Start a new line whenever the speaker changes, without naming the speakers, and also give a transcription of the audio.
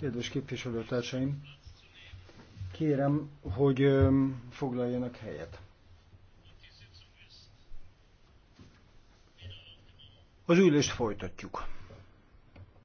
Kedves képviselőtársaim, kérem, hogy foglaljanak helyet. Az ülést
folytatjuk.